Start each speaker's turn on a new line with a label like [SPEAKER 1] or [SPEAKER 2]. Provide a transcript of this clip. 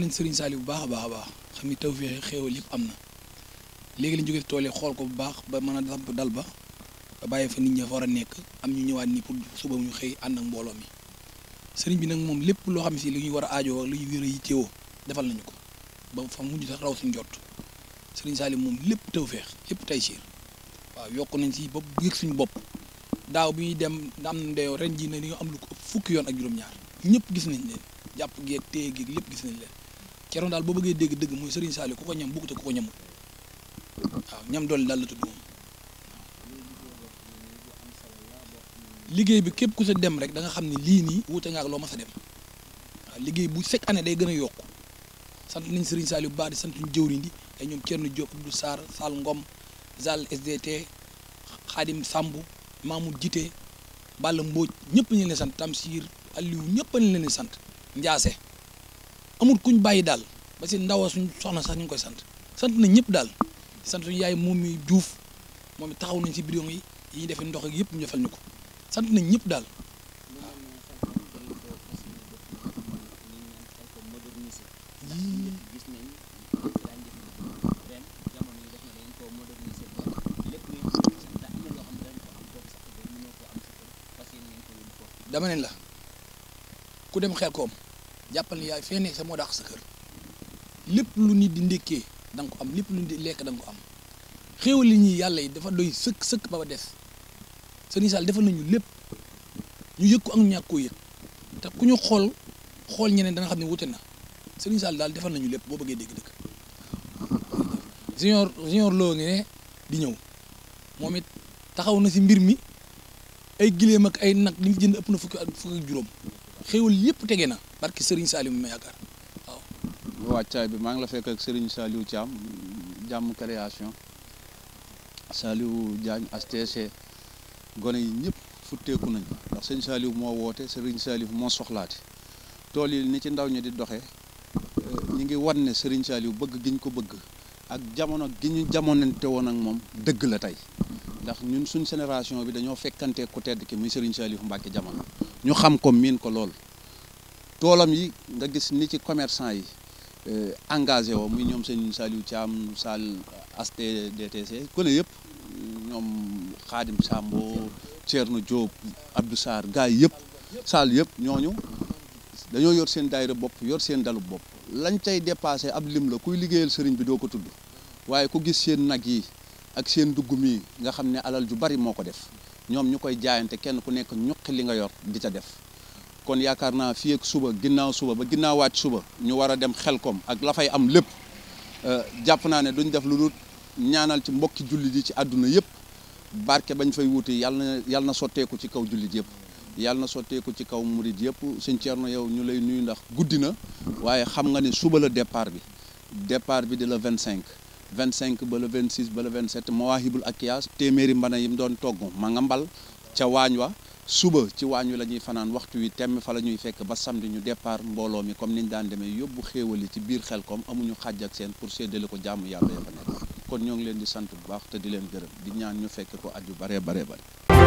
[SPEAKER 1] nañ Serigne Saliou bu baax a baax a baax xam ni tawféex xéewal yëpp am na léegi lañ jóge tool yi xool ko bu baax ba mën a samp dal ba bàyyi fa nit ñi fa war a nekk am ñu ñëwaat nii pour suba ñu xëy ànd ak mbooloo mi sëriñ bi nag moom lépp loo xam si li ñuy war a ajoo li ñu wér a yittewoo defal nañu ko ba fa mujj sax raw suñ jot Serigne Saliou moom lépp tawféex lépp tey siir waaw yokk nañ si bopp bu suñu bopp daaw bi ñuy dem am na ndeyoo ren ji na dañoo am lu ko fukki yoon ak juróom ñëpp gis nañ leen jàpp geeg téye geeg lépp gis nañ leen Cerno daal boo bëggee dégg dëgg mooy Serigne Saliou ku ko ñam bëgg te ku ko ñamul waaw ñam doole daal la tudd moom liggéey bi képp ku sa dem rek da nga xam ne lii nii wuute nga ak loo ma a dem waaw liggéey bu chaque année day gën a yokk sant nañ Serigne Saliou bu baax di sant ñu jëwriñ di ay ñoom Cerno Diop Abdou Sarr Sall Ngom Zal SDT Xaadim Samb Mamoud Jité Balla Mbóoj ñëpp ñu leen sant Tamsir Aliou ñëpp ñu leen sant Njaase amul kuñ bàyyi daal ba si ndaw suñ soxna sax ñu ngi koy sant sant nañ ñëpp daal sant suñu yaay moom mi Diouf moom taxaw nañ si bidon yi yi ñu defee ndox ak yëpp ñu defal sant nañ ñëpp daal. dama ne la ku dem xel koom jàppal ni yaay fee nekk sa moo dàq sa kër lépp lu nit di ndékkee da ko am lépp lu nit di lekk da ko am xéewal li ñuy yàlla yi dafa doy sëkk sëkk ba ba des sëñ Saal defal nañu lépp ñu yëg ko ak ñàkk koo yëg te ku ñu xool xool ñeneen dana xam ne wute na sëñ daal defal nañu lépp boo bëggee dégg-dëgg junior junior loo ngi ne di ñëw moom it taxaw na si mbir mi ay gileem ak ay nag li ñu jënd ëpp na fukki ak fukki juróom xéwal yëpp tege na
[SPEAKER 2] parce que Serigne Saliou mu ma yaakaar waaw. wàccaay bi maa ngi la fekk ak Serigne Saliou Thiam jàmm création Saliou Diagne HTC gone yi ñëpp futteeku nañ sëñ Saliou moo woote Serigne Saliou moo soxlaati tool yi ni ci ndaw ñu di doxee euh, ñi ngi wan ne Serigne Saliou bëgg giñ ko bëgg ak jamono gi ñu jamonante woon ak moom dëgg la tey ndax ñun suñ génération bi dañoo fekkante ku tedd ki muy Serigne Saliou Mbacke jamono. ñu xam ko miin ko lool toolam yi nga gis ni ci commerçant yi eh, engagé woo muy ñoom seen sëñ Saliou Thiam Sall HTDTC ku ne yëpp ñoom Xaadim Sambo Thierno Diop Abdou Sarr gars yi yëpp Sall yëpp ñooñu dañoo yor seen daayira bopp yor seen dalu bopp lañ tey dépassé ab lim la kuy liggéeyal sëriñ bi doo ko tudd waaye ku gis seen nag yi ak seen dugg mi nga xam ne alal ju bari moo ko def ñoom ñu koy jaayante kenn ku nekk ñuqi li nga yor di ca def kon yaakaar naa fii ak suba ginnaaw suba ba ginnaawaat suba ñu war a dem koom ak la fay am lépp euh, jàpp naa ne duñ def lu dul ñaanal ci mbokki jullit yi ci àdduna yëpp barke bañ fay wuti yàlla na yàlla na sotteeku ci kaw jullit yëpp yàlla na sotteeku ci kaw murit yëpp sëñ Thierno yow ñu lay nuyu ndax guddi na waaye xam nga ne suba la départ bi départ bi di la cinq 25 ba le 26 ba le 27 Mawahibul Akyaas téeméeri mbana yi mu doon togg ma nga mbal ca waañ wa suba ci waañ wi la ñuy fanaan waxtu wi temm fa la ñuy fekk ba samedi ñu départ mbooloo mi comme niñ daan demee yóbbu xéewali ci biir Xelkom amuñu xàjj ak seen pour séddale ko jàmm yàlla ya fa nekk kon ñoo ngi leen di sant bu baax te di leen gërëm di ñaan ñu fekk ko aju baree baree bare